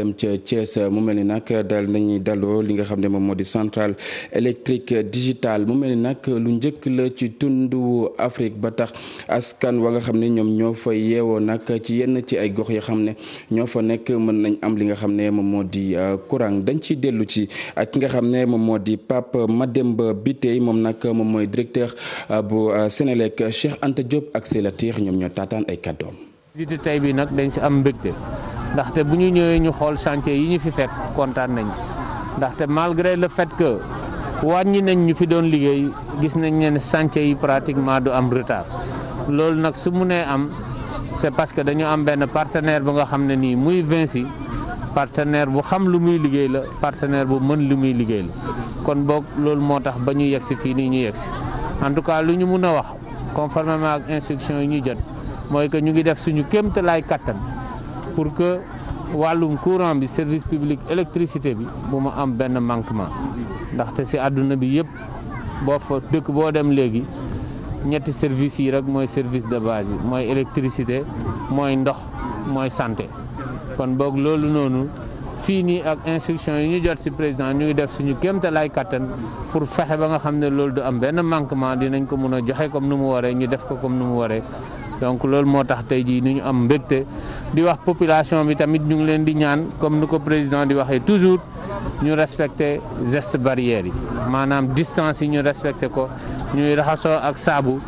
dem ca Thiès mu mel ni nag daal nañuy daloo li nga xam ne moom moo di centrale électrique digitale mu mel ni nag lu njëkk la ci tundu Afrique ba tax askan wa nga xam ne ñoom ñoo fa yeewoo nag ci yenn ci ay gox yoo xam ne ñoo fa nekk mën nañ am li nga xam ne moom moo di euh, courant dañ ciy dellu ci ak ki nga xam ne moom moo di Pape Mademba Bitèye moom nag moom mooy directeur euh, bu euh, Sénélec Cheikh Anta Diop ak Sélatiir ñoom ñoo taataan ay kàddoom. dañ si am mbégte. ndaxte bu ñu ñëwee ñu xool chantier yi ñu fi fekk kontaan nañ ndaxte malgré le fait que wàññi nañ ñu fi doon liggéey gis nañ ne chantier yi pratiquement du am retard loolu nag su mu nee am c'est parce que dañu am benn partenaire bu nga xam ne nii muy Vinci partenaire bu xam lu muy liggéey la partenaire bu mën lu muy liggéey la kon boog loolu moo tax ba ñu yegsi fii nii ñu yegsi en tout cas lu ñu mun a wax conformément ak instruction yi ñu jot mooy que ñu ngi def suñu kéemtalaay kattan. pour que wàllum courant bi service public électricité bi bu mu am benn manquement ndaxte si àdduna bi yëpp boo fa dëkk boo dem léegi ñetti service yi rek mooy service de base yi mooy électricité mooy ndox mooy santé kon boog loolu noonu fii nii ak instruction yi ñu jot si président ñu def suñu kéemtalaay kattan pour fexe ba nga xam ne loolu du am benn manquement dinañ ko mun a joxe comme nu mu waree ñu def ko comme nu mu waree donc loolu moo tax tey jii ni ñu am mbégte di wax population bi tamit ñu ngi leen di ñaan comme nu ko président di waxee toujours ñu respecté geste barrière yi maanaam distance yi ñu respecté ko ñuy raxasoo ak saabu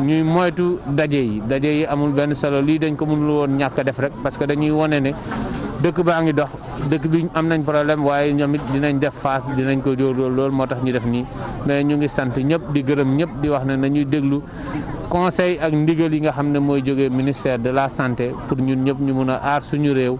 ñuy moytu daje yi daje yi amul benn solo lii dañ ko mënul woon ñàkk def rek parce que dañuy wane ne dëkk baa ngi dox dëkk bi am nañ problème waaye ñoom it dinañ def face dinañ ko jóor lool moo tax ñu def nii mais ñu ngi sant ñëpp di gërëm ñëpp di wax na nañuy déglu conseil ak ndigal yi nga xam ne mooy jóge ministère de la santé pour ñun ñëpp ñu mun a aar suñu réew.